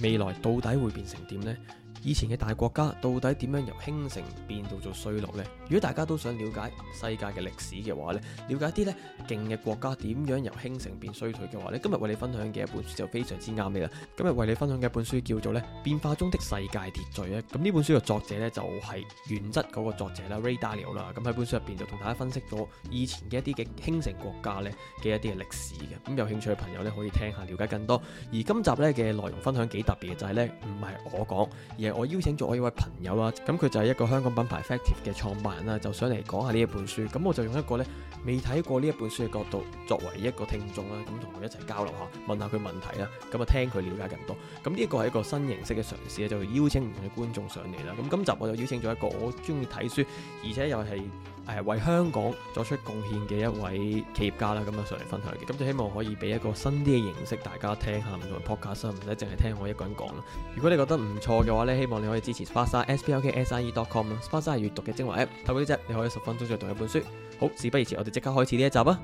未來到底會變成點呢？以前嘅大國家到底點樣由興盛變到做衰落呢？如果大家都想了解世界嘅歷史嘅話呢，了解啲呢勁嘅國家點樣由興盛變衰退嘅話呢，今日為你分享嘅一本書就非常之啱你啦。今日為你分享嘅一本書叫做咧《變化中的世界秩序》咧。咁呢本書嘅作者呢，就係原則嗰個作者啦，Ray Dalio 啦。咁喺本書入邊就同大家分析咗以前嘅一啲嘅興盛國家呢嘅一啲嘅歷史嘅。咁有興趣嘅朋友呢，可以聽下，了解更多。而今集呢嘅內容分享幾特別嘅，就係呢唔係我講我邀請咗我一位朋友啦，咁佢就係一個香港品牌 Factive 嘅創辦人啦，就想嚟講下呢一本書，咁我就用一個咧未睇過呢一本書嘅角度，作為一個聽眾啦，咁同佢一齊交流下，問下佢問題啦，咁啊聽佢了解更多，咁呢一個係一個新形式嘅嘗試啊，就邀請唔同嘅觀眾上嚟啦，咁今集我就邀請咗一個我中意睇書，而且又係誒為香港作出貢獻嘅一位企業家啦，咁啊上嚟分享嘅，咁就希望可以俾一個新啲嘅形式，大家聽下唔同嘅 podcast，唔使淨係聽我一個人講啦，如果你覺得唔錯嘅話呢。希望你可以支持 Sparksine s p a r k s i n e dot com 啊。Sparksine 係閱讀嘅精華 app，透過呢隻你可以十分鐘再讀一本書。好，事不宜遲，我哋即刻開始呢一集啊！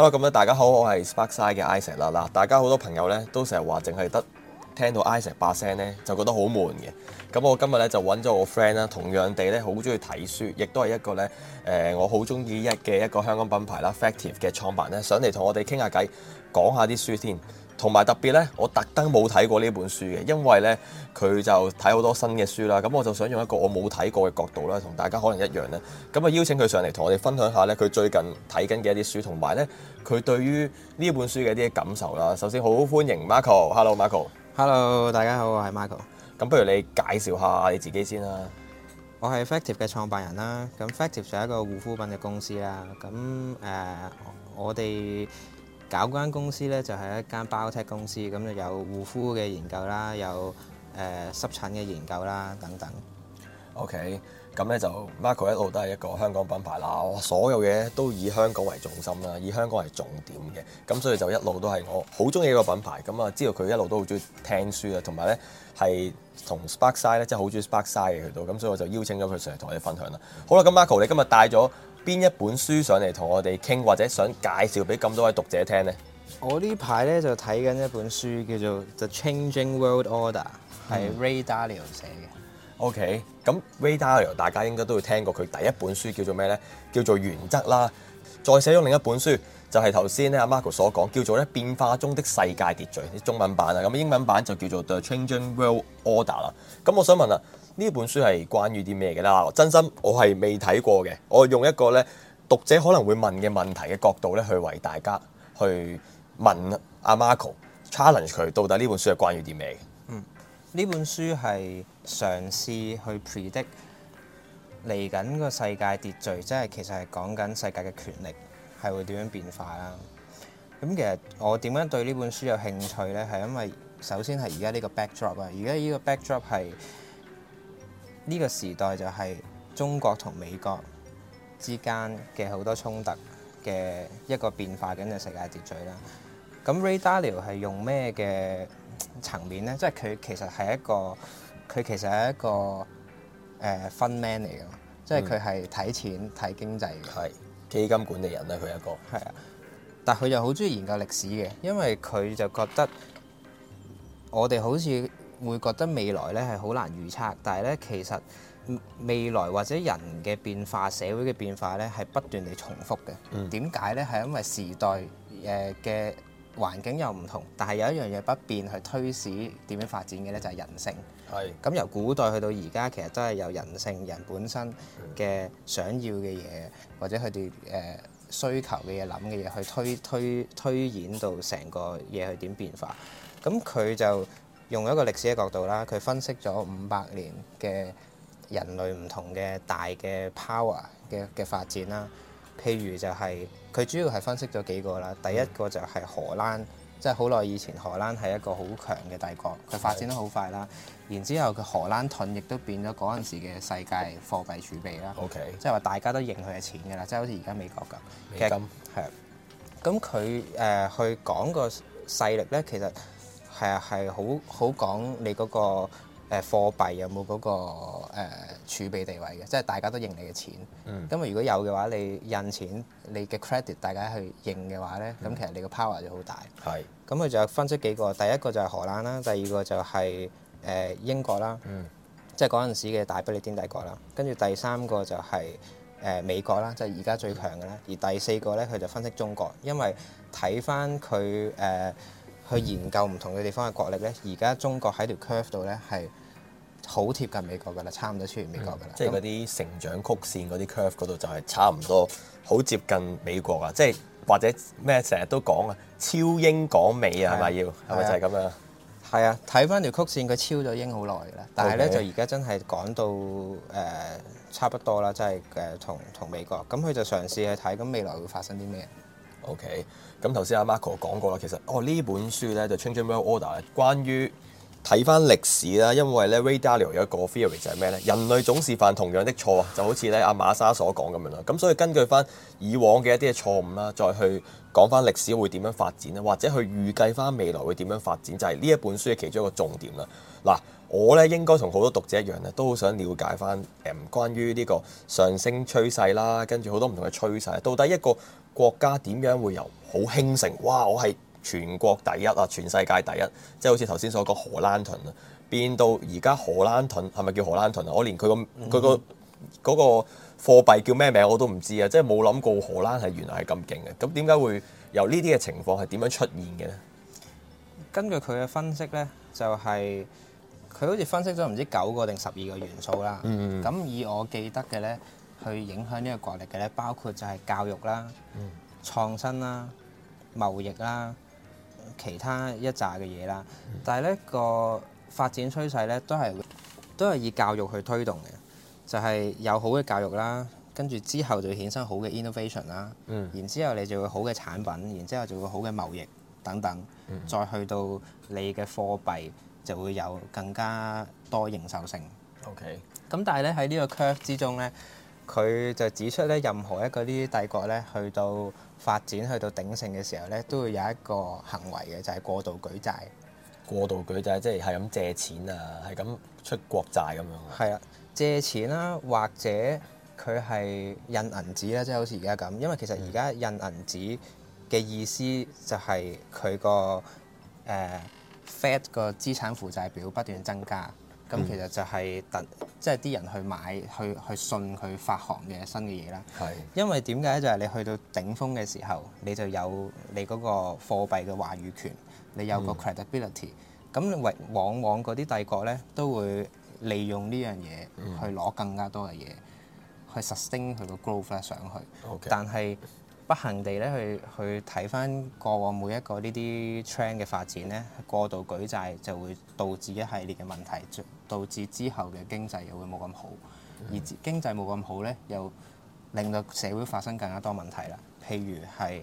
Hello，咁咧大家好，我係 Sparkside 嘅 Isaac 啦。大家好多朋友咧都成日話淨係得聽到 Isaac 把聲咧，就覺得好悶嘅。咁我今日咧就揾咗我 friend 啦，同樣地咧好中意睇書，亦都係一個咧誒、呃、我好中意一嘅一個香港品牌啦，Factive 嘅創辦咧上嚟同我哋傾下偈，講下啲書先。同埋特別咧，我特登冇睇過呢本書嘅，因為咧佢就睇好多新嘅書啦。咁我就想用一個我冇睇過嘅角度啦，同大家可能一樣咧。咁啊，邀請佢上嚟同我哋分享下咧，佢最近睇緊嘅一啲書，同埋咧佢對於呢本書嘅一啲感受啦。首先，好歡迎 Michael，Hello Michael，Hello 大家好，我係 Michael。咁不如你介紹下你自己先啦。我係 Factive 嘅創辦人啦。咁 Factive 就係一個護膚品嘅公司啦。咁誒、呃，我哋。搞嗰間公司咧就係一間 Biotech 公司，咁就有護膚嘅研究啦，有誒濕疹嘅研究啦等等。OK，咁咧就 Marco 一路都係一個香港品牌啦，我所有嘢都以香港為重心啦，以香港為重點嘅，咁所以就一路都係我好中意呢個品牌。咁啊，知道佢一路都好中意聽書啊，同埋咧係同 Sparkside 咧即係好中意 Sparkside 去到。咁所以我就邀請咗佢成日同你分享啦。好啦，咁 Marco 你今日帶咗邊一本書上嚟同我哋傾，或者想介紹俾咁多位讀者聽呢？我呢排咧就睇緊一本書，叫做《The Changing World Order》，係、嗯、Ray Dalio 寫嘅。OK，咁 Ray Dalio 大家應該都會聽過佢第一本書叫做咩呢？叫做《原則》啦。再寫咗另一本書，就係頭先咧阿 Michael 所講，叫做咧《變化中的世界秩序》中文版啊。咁英文版就叫做《The Changing World Order》啦。咁我想問啊。呢本書係關於啲咩嘅啦？真心我係未睇過嘅。我用一個咧讀者可能會問嘅問題嘅角度咧，去為大家去問阿 Marco challenge 佢到底呢本書係關於啲咩嘅？嗯，呢本書係嘗試去 predict 嚟緊個世界秩序，即係其實係講緊世界嘅權力係會點樣變化啦。咁其實我點樣對呢本書有興趣咧？係因為首先係而家呢個 backdrop 啊，而家呢個 backdrop 係。呢個時代就係中國同美國之間嘅好多衝突嘅一個變化緊嘅世界秩序啦。咁 Ray Dalio 係用咩嘅層面咧？即係佢其實係一個，佢其實係一個誒分、呃、Man 嚟嘅，即係佢係睇錢、睇、嗯、經濟嘅。係基金管理人啦、啊，佢一個。係啊，但係佢又好中意研究歷史嘅，因為佢就覺得我哋好似。會覺得未來呢係好難預測，但係呢，其實未來或者人嘅變化、社會嘅變化呢係不斷地重複嘅。點解、嗯、呢？係因為時代誒嘅環境又唔同，但係有一樣嘢不變去推使點樣發展嘅呢，就係、是、人性。係咁是、嗯、由古代去到而家，其實都係由人性、人本身嘅想要嘅嘢，或者佢哋誒需求嘅嘢、諗嘅嘢去推推推，推演到成個嘢去點變化。咁佢就。用一個歷史嘅角度啦，佢分析咗五百年嘅人類唔同嘅大嘅 power 嘅嘅發展啦。譬如就係、是、佢主要係分析咗幾個啦，第一個就係荷蘭，即係好耐以前荷蘭係一個好強嘅帝國，佢發展得好快啦。是然之後佢荷蘭盾亦都變咗嗰陣時嘅世界貨幣儲備啦，Okay. 即係話大家都認佢係錢㗎啦，即係好似而家美國咁金、呃。其實，咁佢誒去講個勢力咧，其實。係啊，係好好講你嗰個誒貨幣有冇嗰、那個誒、呃、儲備地位嘅，即係大家都認你嘅錢。咁啊、嗯，如果有嘅話，你印錢，你嘅 credit 大家去認嘅話咧，咁、嗯、其實你個 power 就好大。係是。咁佢就分出幾個，第一個就係荷蘭啦，第二個就係、是、誒、呃、英國啦，嗯，即係嗰陣時嘅大不利顛帝國啦。跟住第三個就係、是、誒、呃、美國啦，即係而家最強嘅啦。而第四個咧，佢就分析中國，因為睇翻佢誒。呃呃去研究唔同嘅地方嘅國力咧，而家中國喺條 curve 度咧係好貼近美國㗎喇，差唔多超越美國㗎喇。嗯、那即係嗰啲成長曲線嗰啲 curve 嗰度就係差唔多，好接近美國啊！即、就、係、是、或者咩成日都講啊，超英趕美啊，係咪對要？係咪對就係咁樣？係啊，睇返條曲線，佢超咗英好耐㗎喇。但係咧 Okay. 就而家真係講到誒、呃、差不多啦，即係誒同同美國。咁佢就嘗試去睇，咁未來會發生啲咩？OK，咁頭先阿 Marco 講過啦，其實哦呢本書咧就是、Changing World Order，關於睇翻歷史啦，因為咧 Ray Dalio 有一個 theory 就係咩咧？人類總是犯同樣的錯，就好似咧阿馬莎所講咁樣啦。咁所以根據翻以往嘅一啲嘅錯誤啦，再去講翻歷史會點樣發展咧，或者去預計翻未來會點樣發展，就係、是、呢一本書嘅其中一個重點啦。嗱，我咧應該同好多讀者一樣咧，都好想了解翻誒、呃、關於呢個上升趨勢啦，跟住好多唔同嘅趨勢，到底一個。國家點樣會由好興盛，哇！我係全國第一啊，全世界第一，即係好似頭先所講荷蘭盾啊，變到而家荷蘭盾係咪叫荷蘭盾啊？我連佢個佢個嗰個貨幣叫咩名我都唔知啊！即係冇諗過荷蘭係原來係咁勁嘅。咁點解會由呢啲嘅情況係點樣出現嘅呢？根據佢嘅分析呢，就係、是、佢好似分析咗唔知九個定十二個元素啦。嗯，嗯，咁以我記得嘅呢。去影響呢個國力嘅咧，包括就係教育啦、嗯、創新啦、貿易啦、其他一紮嘅嘢啦。嗯、但係呢、呢個發展趨勢咧，都係都係以教育去推動嘅，就係、是、有好嘅教育啦，跟住之後就會衍生好嘅 innovation 啦，嗯、然之後你就會好嘅產品，然之後就會好嘅貿易等等，再去到你嘅貨幣就會有更加多營售性。OK, 咁但係咧，喺呢個 curve 之中咧。佢就指出咧，任何一個呢啲帝國咧，去到發展去到鼎盛嘅時候咧，都會有一個行為嘅，就係、是、過度舉債。過度舉債即係係咁借錢啊，係咁出國債咁樣，係啊，借錢啦、啊，或者佢係印銀紙啦，即、就、係、是、好似而家咁。因為其實而家印銀紙嘅意思就係佢個誒 Fed 個資產負債表不斷增加。咁、嗯、其實就係特即係啲人去買去去信佢發行嘅新嘅嘢啦。係。是的 因為點解就係、是、你去到頂峰嘅時候，你就有你嗰個貨幣嘅話語權，你有個 credibility。咁、嗯、往往往嗰啲帝國咧都會利用呢樣嘢去攞更加多嘅嘢，去 sustain 佢個 growth 上去。Okay. 但係。不幸地咧，去去睇返過往每一個呢啲 trend 嘅發展咧，過度舉債就會導致一系列嘅問題，導致之後嘅經濟又會冇咁好，而經濟冇咁好咧，又令到社會發生更加多問題啦。譬如係誒、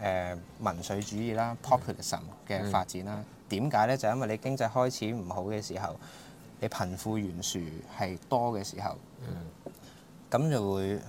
呃、民粹主義啦 ，populism 嘅發展啦。點解咧？就因為你經濟開始唔好嘅時候，你貧富懸殊係多嘅時候，咁就會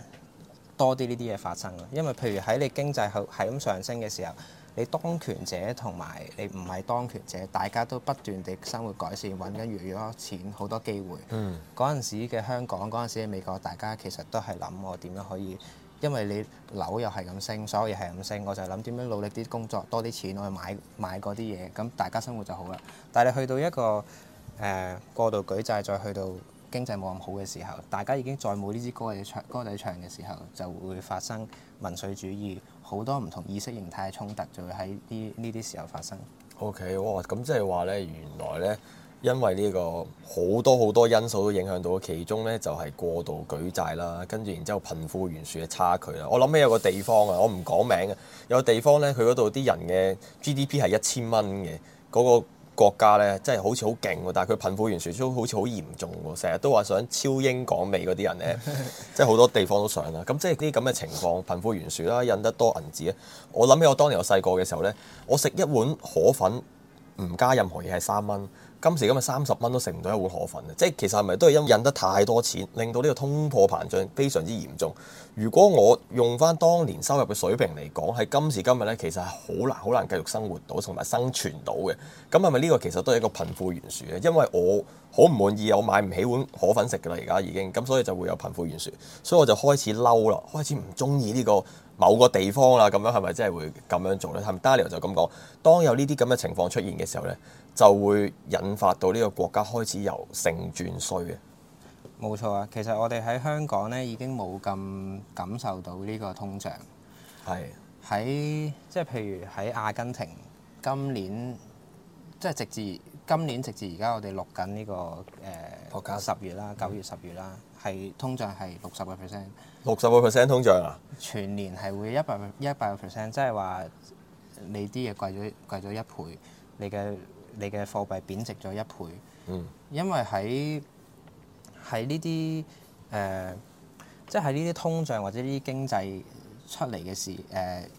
多啲呢啲嘢發生啊！因為譬如喺你經濟係係咁上升嘅時候，你當權者同埋你唔係當權者，大家都不斷地生活改善，揾緊越多錢，好多機會。嗯。嗰陣時嘅香港，嗰陣時嘅美國，大家其實都係諗我點樣可以，因為你樓又係咁升，所有嘢又係咁升，我就係諗點樣努力啲工作，多啲錢我去買買嗰啲嘢，咁大家生活就好啦。但係你去到一個誒、呃、過度舉債，再去到。經濟冇咁好嘅時候，大家已經再冇呢支歌嘅唱歌仔唱嘅時候，就會發生民粹主義，好多唔同意識形態嘅衝突就會喺啲呢啲時候發生。OK. 哇，咁即係話呢，原來呢，因為呢個好多好多因素都影響到，其中呢，就係過度舉債啦，跟住然之後貧富懸殊嘅差距啦。我諗起有個地方啊，我唔講名啊，有個地方呢，佢嗰度啲人嘅 GDP 係一千蚊嘅嗰個。國家咧，真係好似好勁喎，但係佢貧富懸殊都好似好嚴重喎，成日都話想超英趕美嗰啲人咧，即係好多地方都想啦。咁即係啲咁嘅情況，貧富懸殊啦，印得多銀紙咧。我諗起我當年我細個嘅時候咧，我食一碗河粉唔加任何嘢係三蚊。今時今日三十蚊都食唔到一碗河粉啊！即係其實係咪都係因為印得太多錢，令到呢個通貨膨脹非常之嚴重。如果我用返當年收入嘅水平嚟講，喺今時今日呢，其實係好難好難繼續生活到同埋生存到嘅。咁係咪呢個其實都係一個貧富懸殊呢？因為我好唔滿意，我買唔起碗河粉食㗎啦，而家已經咁，所以就會有貧富懸殊。所以我就開始嬲啦，開始唔中意呢個某個地方啦。咁樣係咪真係會咁樣做呢？係咪 Dario 就咁講？當有呢啲咁嘅情況出現嘅時候呢。」就會引發到呢個國家開始由盛轉衰嘅。冇錯啊，其實我哋喺香港呢，已經冇咁感受到呢個通脹。係喺是的 在即係譬如喺阿根廷，今年即係直至今年直至而、這個呃、家，我哋錄緊呢個誒，十月啦、九月、十月啦，係、嗯、通脹係六十個 percent，六十個 percent 通脹啊！全年係會一百一百個 percent，即係話你啲嘢貴咗貴咗一倍，你嘅。你嘅貨幣貶值咗一倍，嗯、因為喺喺呢啲誒，即係喺呢啲通脹或者呢啲經濟出嚟嘅時誒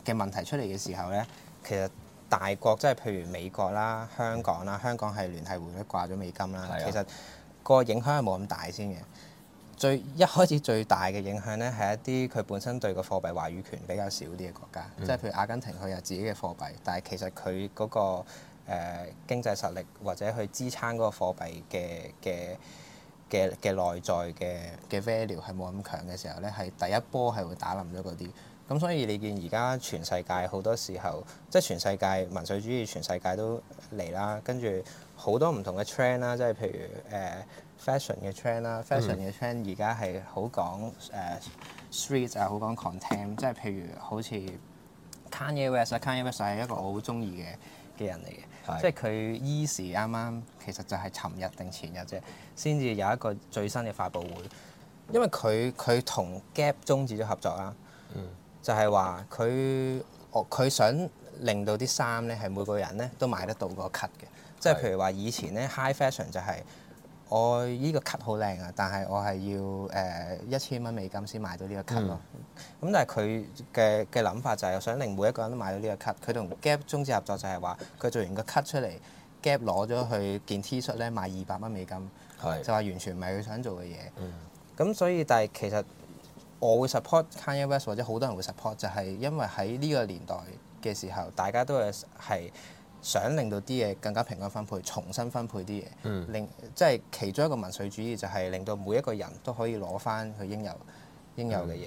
嘅問題出嚟嘅時候咧，其實大國即係譬如美國啦、香港啦，香港係聯繫匯率掛咗美金啦，啊、其實個影響係冇咁大先嘅。最一開始最大嘅影響咧，係一啲佢本身對個貨幣話語權比較少啲嘅國家，即係、嗯、譬如阿根廷，佢有自己嘅貨幣，但係其實佢嗰、嗰個誒、uh, 經濟實力或者去支撐嗰個貨幣嘅嘅嘅嘅內在嘅嘅 value 係冇咁強嘅時候咧，係第一波係會打冧咗嗰啲。咁所以你見而家全世界好多時候，即係全世界民粹主義，全世界都嚟啦。跟住好多唔同嘅 trend 啦，即係譬如誒、uh, fashion 嘅 trend 啦，fashion 嘅 trend 而家係好講誒、uh, street 啊，好講 content 即係譬如好似 Kanye West，Kanye West 係一個我好中意嘅嘅人嚟嘅，即係佢依時啱啱其實就係尋日定前日啫，先至有一個最新嘅發布會，因為佢佢同 Gap 終止咗合作啦，嗯、就係話佢我佢想令到啲衫咧係每個人咧都買得到個 cut 嘅，的即係譬如話以前咧 High Fashion 就係、是。我呢、哦這個 cut 好靚啊，但係我係要誒一千蚊美金先買到呢個 cut 咯、嗯。咁但係佢嘅嘅諗法就係想令每一個人都買到呢個 cut。佢同 Gap 終止合作就係話，佢做完個 cut 出嚟，Gap 攞咗去件 T 恤咧賣二百蚊美金，是就話完全唔係佢想做嘅嘢。咁、嗯、所以但係其實我會 support Kanye West 或者好多人會 support，就係因為喺呢個年代嘅時候，大家都係係。想令到啲嘢更加平均分配，重新分配啲嘢，令即係其中一個民粹主義就係令到每一個人都可以攞翻佢應有應有嘅嘢。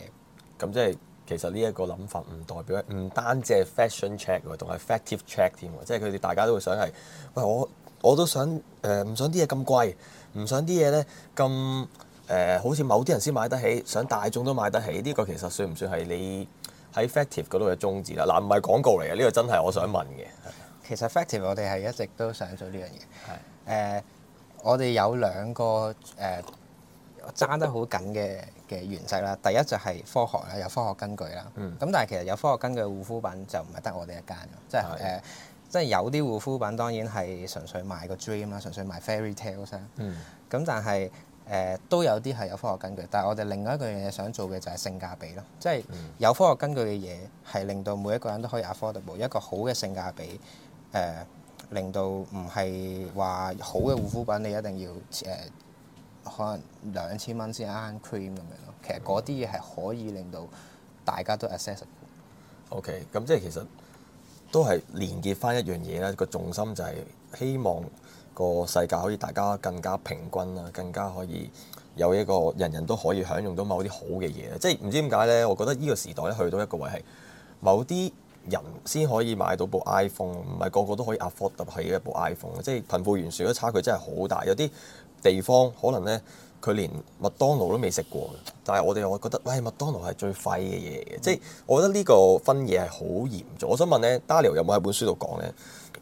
咁、嗯、即係其實呢一個諗法唔代表唔單止係 fashion check 喎，仲係 fetive check 添喎。即係佢哋大家都會想係喂我我都想誒，呃、唔想啲嘢咁貴，唔想啲嘢咧咁誒，好似某啲人先買得起，想大眾都買得起。呢、這個其實算唔算係你喺 fetive 嗰度嘅宗旨啦？嗱、啊，唔係廣告嚟嘅呢個真係我想問嘅。其實 effective 我哋係一直都想做呢樣嘢。係的、呃、我哋有兩個誒爭、呃、得好緊嘅嘅原則啦。第一就係科學啦，有科學根據啦。咁、嗯、但係其實有科學根據嘅護膚品就唔係得我哋一間，即係誒的、呃，即係有啲護膚品當然係純粹賣個 dream 啦，純粹賣 fairy tale 啫。嗯。咁但係誒、呃、都有啲係有科學根據，但係我哋另外一樣嘢想做嘅就係性價比咯。即係有科學根據嘅嘢係令到每一個人都可以 a affordable 一個好嘅性價比。誒、呃、令到唔係話好嘅護膚品，你一定要誒、呃、可能兩千蚊先啱 cream 咁樣咯。其實嗰啲嘢係可以令到大家都 accessible。OK，咁即係其實都係連結翻一樣嘢啦。個重心就係希望個世界可以大家更加平均啦，更加可以有一個人人都可以享用到某啲好嘅嘢。即係唔知點解咧，我覺得呢個時代咧去到一個位係某啲人先可以買到部 iPhone，唔係個個都可以 afford 得起一部 iPhone，即係貧富懸殊嘅差距真係好大。有啲地方可能呢，佢連麥當勞都未食過，但係我哋又覺得，喂，麥當勞係最廢嘅嘢嘅。即係我覺得呢個分野係好嚴重。我想問呢 Dario 有冇喺本書度講呢？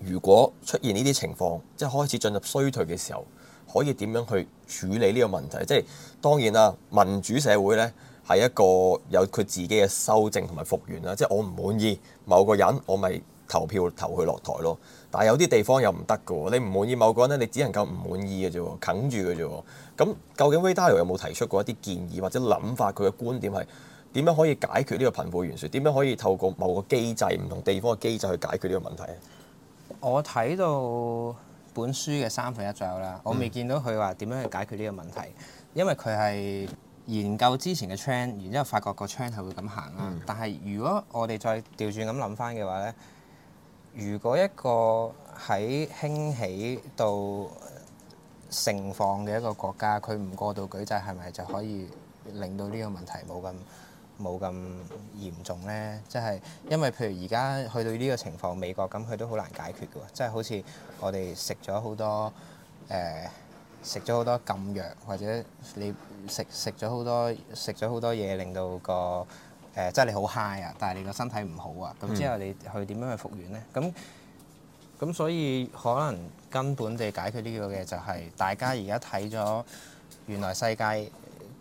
如果出現呢啲情況，即係開始進入衰退嘅時候，可以點樣去處理呢個問題？即係當然啦，民主社會呢。係一個有佢自己嘅修正同埋復原啦，即、就、係、是、我唔滿，滿意某個人，我咪投票投佢落台咯。但係有啲地方又唔得嘅喎，你唔滿意某個人咧，你只能夠唔滿意嘅啫，啃住嘅啫。咁究竟 w a d y 有冇提出過一啲建議或者諗法？佢嘅觀點係點樣可以解決呢個貧富懸殊？點樣可以透過某個機制、唔同地方嘅機制去解決呢個問題啊？我睇到本書嘅三分一左右啦，我未見到佢話點樣去解決呢個問題，因為佢係。研究之前嘅 trend 然之後發覺個 trend 係會咁行啦。嗯、但係如果我哋再調轉咁諗翻嘅話呢，如果一個喺興起到盛況嘅一個國家，佢唔過度舉債，係咪就可以令到呢個問題冇咁冇咁嚴重呢？即係因為譬如而家去到呢個情況，美國咁佢都好難解決嘅喎。即係好似我哋食咗好多、呃食咗好多禁藥，或者你食食咗好多食咗好多嘢，令到個誒、呃，即係你好 high 啊，但係你個身體唔好啊。咁之後你去點樣去復原呢？咁咁所以可能根本地解決呢個嘅就係大家而家睇咗原來世界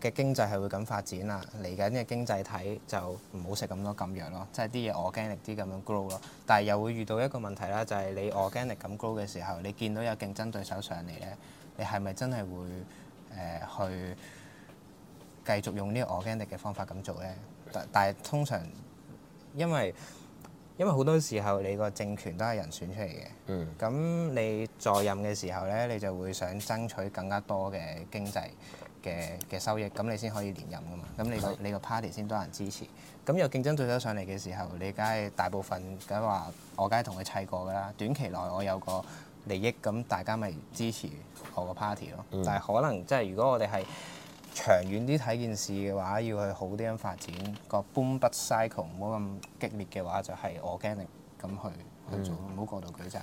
嘅經濟係會咁發展啦。嚟緊嘅經濟體就唔好食咁多禁藥咯，即係啲嘢 organic 啲咁樣 grow 咯。但係又會遇到一個問題啦，就係、是、你 organic 咁 grow 嘅時候，你見到有競爭對手上嚟咧。你係咪真係會誒去、呃、繼續用呢個 organic 嘅方法咁做咧？但但係通常因為因為好多時候你個政權都係人選出嚟嘅，咁、嗯、你在任嘅時候咧，你就會想爭取更加多嘅經濟嘅嘅收益，咁你先可以連任噶嘛。咁你個你個 party 先多人支持，咁有競爭對手上嚟嘅時候，你梗係大部分梗係話我梗係同佢砌過噶啦。短期內我有個利益咁大家咪支持我個 party 咯、嗯，但係可能即係如果我哋係長遠啲睇件事嘅話，要去好啲咁發展個 boom bust cycle，唔好咁激烈嘅話，就係、是、organic 咁去去做唔好、嗯、過度舉債。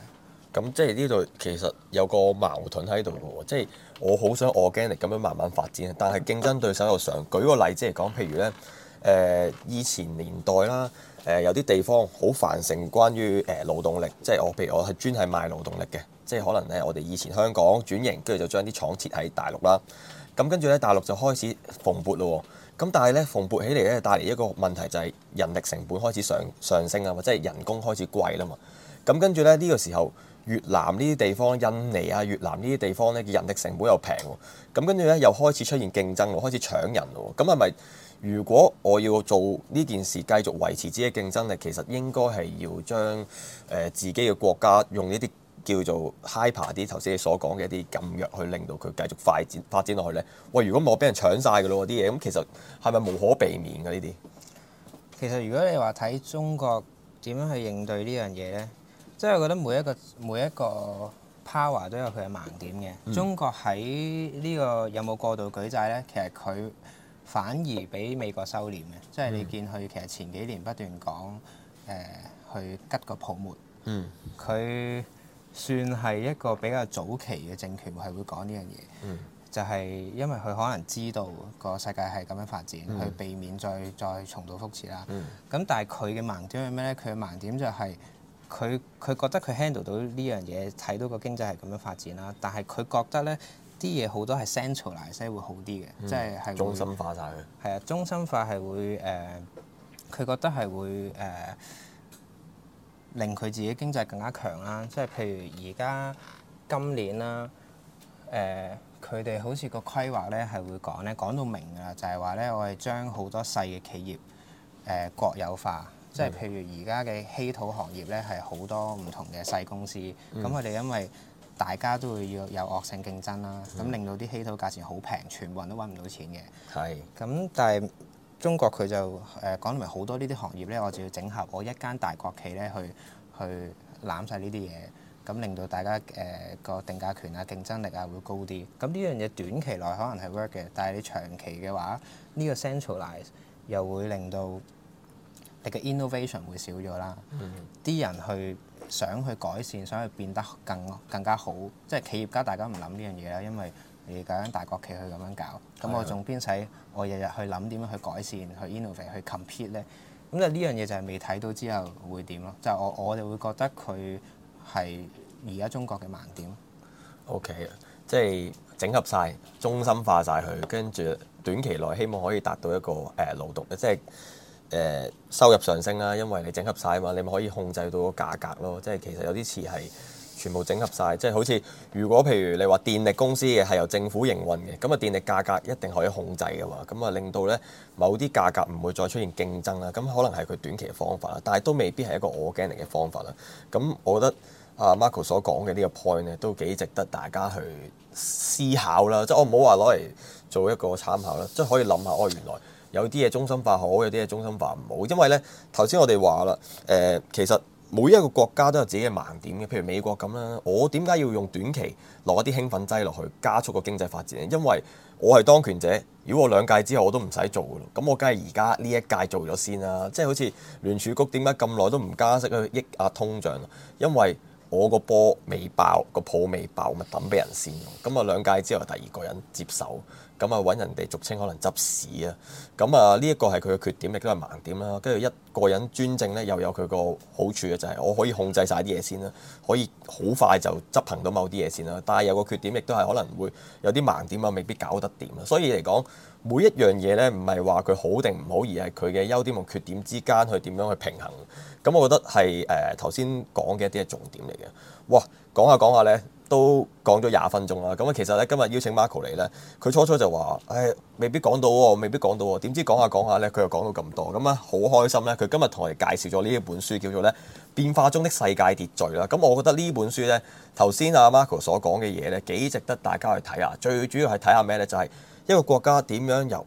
咁、嗯、即係呢度其實有個矛盾喺度喎，即係我好想 organic 咁樣慢慢發展，但係競爭對手又想舉個例子嚟講，譬如咧。誒、呃、以前年代啦，誒、呃、有啲地方好繁盛，關於誒勞、呃、動力，即係我譬如我係專係賣勞動力嘅，即係可能咧，我哋以前香港轉型，跟住就將啲廠設喺大陸啦。咁跟住咧，大陸就開始蓬勃咯。咁但係咧，蓬勃起嚟咧，帶嚟一個問題就係人力成本開始上上升啊，或者係人工開始貴啦嘛。咁跟住咧，呢、呢個時候越南呢啲地方、印尼啊、越南呢啲地方咧嘅人力成本又平，咁跟住咧又開始出現競爭，開始搶人咯。咁係咪？如果我要做呢件事，繼續維持自己競爭力，其實應該係要將誒、呃、自己嘅國家用呢啲叫做 hyper 啲頭先你所講嘅一啲禁藥去令到佢繼續發展發展落去咧。喂，如果冇俾人搶曬㗎咯啲嘢，咁其實係咪無可避免嘅呢啲？其實如果你話睇中國點樣去應對呢樣嘢咧，即、就、係、是、我覺得每一個每一個 power 都有佢嘅盲點嘅。中國喺呢個有冇過度舉債咧？其實佢。反而俾美國收斂嘅，嗯、即係你見佢其實前幾年不斷講誒去吉個泡沫，佢、嗯、算係一個比較早期嘅政權係會講呢樣嘢，嗯、就係因為佢可能知道個世界係咁樣發展，去、嗯、避免再再重蹈覆轍啦。咁、嗯、但係佢嘅盲點係咩呢？佢嘅盲點就係佢佢覺得佢 handle 到呢樣嘢，睇到個經濟係咁樣發展啦，但係佢覺得呢。啲嘢好多係 centralize 會好啲嘅，嗯、即係係中心化晒。佢。係啊，中心化係會誒，佢、呃、覺得係會誒、呃，令佢自己經濟更加強啦。即係譬如而家今年啦，誒佢哋好似個規劃咧係會講咧講到明㗎啦，就係話咧我哋將好多細嘅企業誒、呃、國有化，嗯、即係譬如而家嘅稀土行業咧係好多唔同嘅細公司，咁佢哋因為。大家都會要有惡性競爭啦，咁、嗯、令到啲稀土價錢好平，全部人都揾唔到錢嘅。係是。咁但係中國佢就誒講、呃、明好多呢啲行業呢，我就要整合我一間大國企呢去去攬晒呢啲嘢，咁令到大家誒、呃那個定價權啊、競爭力啊會高啲。咁呢樣嘢短期內可能係 work 嘅，但係你長期嘅話，呢、這個 centralize 又會令到你嘅 innovation 會少咗啦。啲、嗯嗯、人去。想去改善，想去變得更更加好，即係企業家大家唔諗呢樣嘢啦，因為你揀大國企去咁樣搞，咁的我仲邊使我日日去諗點樣去改善、去 innovate、去 compete 咧？咁就呢樣嘢就係未睇到之後會點咯，就係、我我哋會覺得佢係而家中國嘅盲點。OK，即係整合晒，中心化晒佢，跟住短期內希望可以達到一個誒勞動，即係。誒、呃、收入上升啦，因為你整合曬嘛，你咪可以控制到個價格咯。即係其實有啲詞係全部整合晒，即係好似如果譬如你話電力公司嘅係由政府營運嘅，咁啊電力價格一定可以控制嘅嘛，咁啊令到咧某啲價格唔會再出現競爭啦。咁可能係佢短期嘅方法啦，但係都未必係一個我驚嘅方法啦。咁我覺得阿 Marco 所講嘅呢個 point 咧都幾值得大家去思考啦。即係我唔好話攞嚟做一個參考啦，即係可以諗下，哦原來。有啲嘢中心化好，有啲嘢中心化唔好，因為呢頭先我哋話啦，誒、呃、其實每一個國家都有自己嘅盲點嘅，譬如美國咁啦。我點解要用短期攞一啲興奮劑落去加速個經濟發展？因為我係當權者，如果我兩屆之後我都唔使做嘅，咁我梗係而家呢一屆做咗先啦。即係好似聯儲局點解咁耐都唔加息去抑壓通脹？因為我個波未爆，個泡未爆，咪等俾人先。咁啊兩屆之後第二個人接手。咁啊揾人哋俗稱可能執屎啊，咁啊呢一個係佢嘅缺點，亦都係盲點啦。跟住一個人專政咧，又有佢個好處嘅就係、是、我可以控制晒啲嘢先啦，可以好快就執行到某啲嘢先啦。但係有個缺點，亦都係可能會有啲盲點啊，未必搞得掂。啊。所以嚟講，每一樣嘢咧，唔係話佢好定唔好，而係佢嘅優點同缺點之間，去點樣去平衡。咁我覺得係誒頭先講嘅一啲嘅重點嚟嘅。哇，講下講下咧～都講咗廿分鐘啦，咁啊其實咧今日邀請 Marco 嚟咧，佢初初就話：誒、哎，未必講到喎，未必講到喎。點知講下講下咧，佢又講到咁多，咁啊好開心咧。佢今日同我哋介紹咗呢一本書叫做咧《變化中的世界秩序》啦。咁我覺得呢本書咧，頭先阿 Marco 所講嘅嘢咧，幾值得大家去睇啊。最主要係睇下咩咧，就係、是、一個國家點樣由。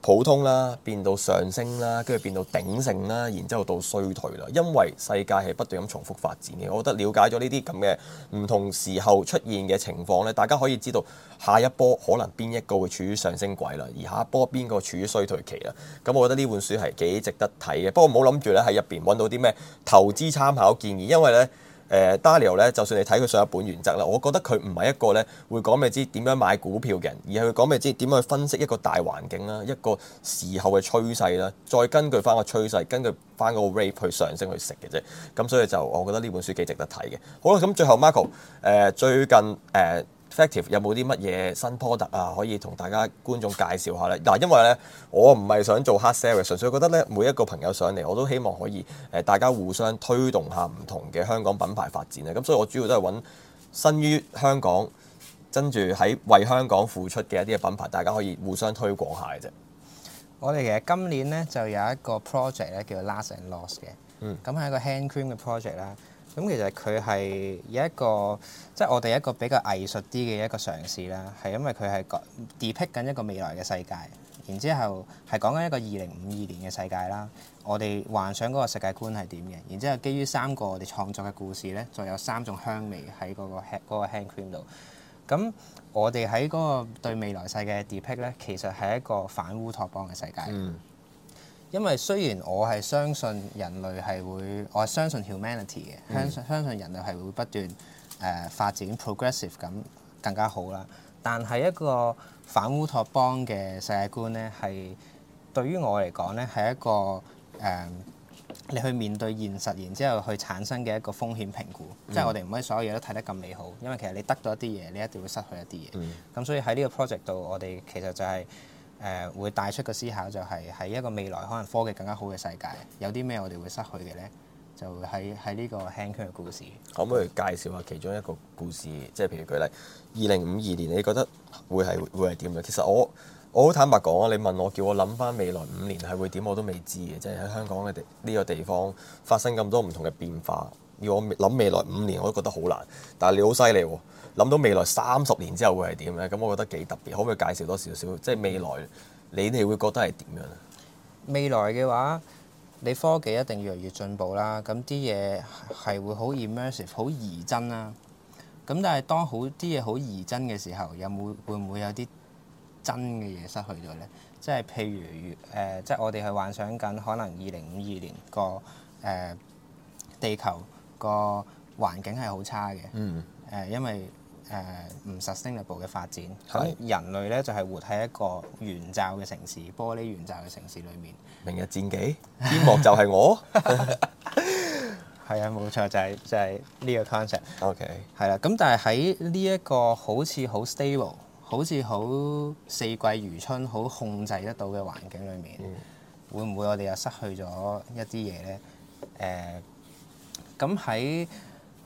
普通啦，變到上升啦，跟住變到鼎盛啦，然之後到衰退啦。因為世界係不斷咁重複發展嘅，我覺得了解咗呢啲咁嘅唔同時候出現嘅情況呢，大家可以知道下一波可能邊一個會處於上升軌啦，而下一波邊個處於衰退期啦。咁我覺得呢本書係幾值得睇嘅，不過唔好諗住咧喺入邊揾到啲咩投資參考建議，因為呢。誒 Darrell 咧，ario，就算你睇佢上一本原則啦，我覺得佢唔係一個咧會講俾你知點樣買股票嘅人，而係佢講俾你知點樣去分析一個大環境啦，一個時候嘅趨勢啦，再根據翻個趨勢，根據翻嗰個 rate 去上升去食嘅啫。咁所以就我覺得呢本書幾值得睇嘅。好啦，咁最後 Marco 誒、呃、最近誒。呃 Effective 有冇啲乜嘢新 product 啊？可以同大家觀眾介紹下咧。嗱，因為咧我唔係想做 hard selling，純粹覺得咧每一個朋友上嚟，我都希望可以誒大家互相推動下唔同嘅香港品牌發展啊。咁所以我主要都係揾新於香港跟住喺為香港付出嘅一啲嘅品牌，大家可以互相推廣下嘅啫。我哋其實今年咧就有一個 project 咧叫 Last and Lost 嘅，嗯，咁係一個 hand cream 嘅 project 啦。咁其實佢係一個即係、就是、我哋一個比較藝術啲嘅一個嘗試啦，係因為佢係講 depict 緊一個未來嘅世界，然之後係講緊一個二零五二年嘅世界啦。我哋幻想嗰個世界觀係點嘅？然之後基於三個我哋創作嘅故事咧，就有三種香味喺嗰、嗰個輕、嗰個、hand cream 度。咁我哋喺嗰個對未來世界嘅 depict 咧，其實係一個反烏托邦嘅世界。嗯因為雖然我係相信人類係會，我係相信 humanity 嘅，相、嗯、相信人類係會不斷誒、呃、發展 progressive 咁更加好啦。但係一個反烏托邦嘅世界觀咧，係對於我嚟講咧係一個誒、呃，你去面對現實，然之後去產生嘅一個風險評估，即係、嗯、我哋唔可以所有嘢都睇得咁美好，因為其實你得到一啲嘢，你一定會失去一啲嘢。咁、嗯、所以喺呢個 project 度，我哋其實就係、是。誒、呃、會帶出個思考就係、是、喺一個未來可能科技更加好嘅世界，有啲咩我哋會失去嘅呢？就會喺喺呢個輕軌嘅故事，可唔可以介紹下其中一個故事？即係譬如舉例，二零五二年，你覺得會係會係點嘅？其實我我好坦白講啊，你問我叫我諗返未來五年係會點，我都未知嘅。即係喺香港嘅地呢個地方發生咁多唔同嘅變化，要我諗未來五年我都覺得好難。但係你好犀利喎！諗到未來三十年之後會係點呢？咁我覺得幾特別，可唔可以介紹多少少？即係未來你哋會覺得係點樣？未來嘅話，你科技一定越嚟越進步啦。咁啲嘢係會好 immersive，好擬真啦。咁但係當好啲嘢好擬真嘅時候，有冇會唔會有啲真嘅嘢失去咗呢？即係譬如誒、呃，即係我哋係幻想緊，可能二零五二年個誒、呃、地球個環境係好差嘅。嗯。誒、呃，因為誒唔 sustainable 嘅發展，咁的人類咧就係、是、活喺一個圓罩嘅城市、玻璃圓罩嘅城市裏面。明日戰記，天幕就係我。係啊， 冇錯，就係、是、就係、是、呢個 concept。OK，係啦。咁但係喺呢一個好似好 stable、好似好四季如春、好控制得到嘅環境裏面，嗯、會唔會我哋又失去咗一啲嘢咧？誒，咁喺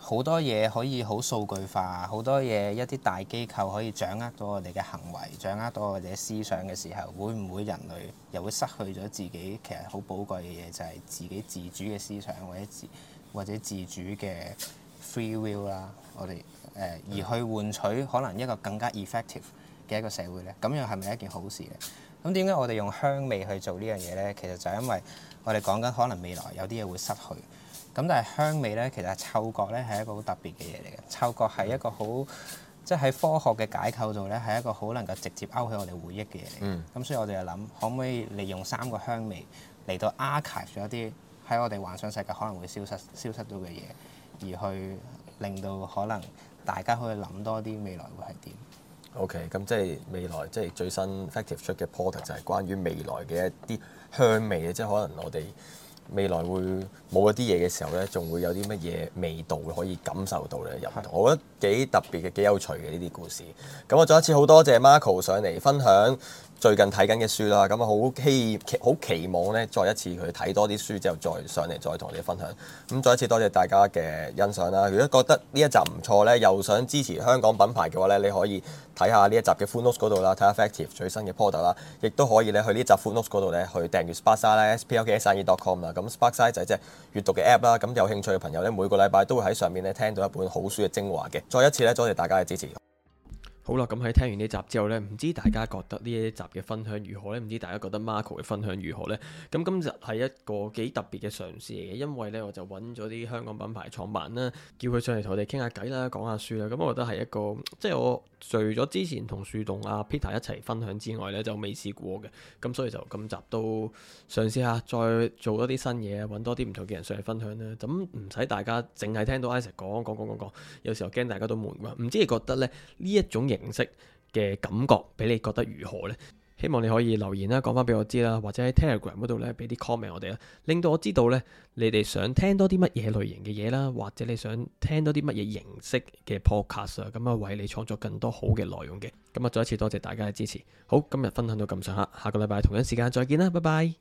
好多嘢可以好數據化，好多嘢一啲大機構可以掌握到我哋嘅行為，掌握到我哋思想嘅時候，會唔會人類又會失去咗自己其實好寶貴嘅嘢，就係自己自主嘅思想或者自或者自主嘅 free will 啦。我哋誒而去換取可能一個更加 effective 嘅一個社會呢，咁樣係咪一件好事呢？咁點解我哋用香味去做呢樣嘢呢？其實就係因為我哋講緊可能未來有啲嘢會失去。咁但係香味咧，其實嗅覺咧係一個好特別嘅嘢嚟嘅。嗅覺係一個好，即係喺科學嘅解構度咧，係一個好能夠直接勾起我哋回憶嘅嘢嚟。咁、嗯、所以我哋就諗，可唔可以利用三個香味嚟到 archive 咗一啲喺我哋幻想世界可能會消失、消失到嘅嘢，而去令到可能大家可以諗多啲未來會係點？OK，咁即係未來，即係最新 Effective 出嘅 Port 就係關於未來嘅一啲香味啊，即係可能我哋。未來會冇一啲嘢嘅時候咧，仲會有啲乜嘢味道可以感受到咧？又唔同，我覺得幾特別嘅、幾有趣嘅呢啲故事。咁我再一次好多謝 Marco 上嚟分享最近睇緊嘅書啦。咁啊，好希好期望咧，再一次佢睇多啲書之後，再上嚟再同你分享。咁再一次多謝大家嘅欣賞啦。如果覺得呢一集唔錯咧，又想支持香港品牌嘅話咧，你可以睇下呢一集嘅 Full Notes 嗰度啦，睇下 Effective 最新嘅 Podcast 啦，亦都可以咧去呢一集 Full Notes 嗰度咧去訂閱 Spasa 咧 spkasia.com 啦。咁 Spark Size 就即係閱讀嘅 App 啦，咁有興趣嘅朋友咧，每個禮拜都會喺上面咧聽到一本好書嘅精華嘅。再一次咧，多謝大家嘅支持。好啦，咁、嗯、喺聽完呢集之後呢，唔知大家覺得呢一集嘅分享如何呢？唔知大家覺得 Marco 嘅分享如何呢？咁今日係一個幾特別嘅嘗試嚟嘅，因為呢，我就揾咗啲香港品牌創辦啦，叫佢上嚟同我哋傾下偈啦，講下書啦。咁、嗯、我覺得係一個即係我除咗之前同樹洞啊 Peter 一齊分享之外呢，就未試過嘅。咁、嗯、所以就今集都嘗試下再做多啲新嘢，揾多啲唔同嘅人上嚟分享啦。咁唔使大家淨係聽到 Isaac 講講講講講，有時候驚大家都悶嘛。唔知你覺得咧呢一種形式嘅感覺，俾你覺得如何呢？希望你可以留言啦，講翻俾我知啦，或者喺 Telegram 嗰度呢，俾啲 comment 我哋啦，令到我知道呢，你哋想聽多啲乜嘢類型嘅嘢啦，或者你想聽多啲乜嘢形式嘅 podcast 咁啊，為你創作更多好嘅內容嘅。咁啊，再一次多謝大家嘅支持。好，今日分享到咁上下，下個禮拜同樣時間再見啦，拜拜。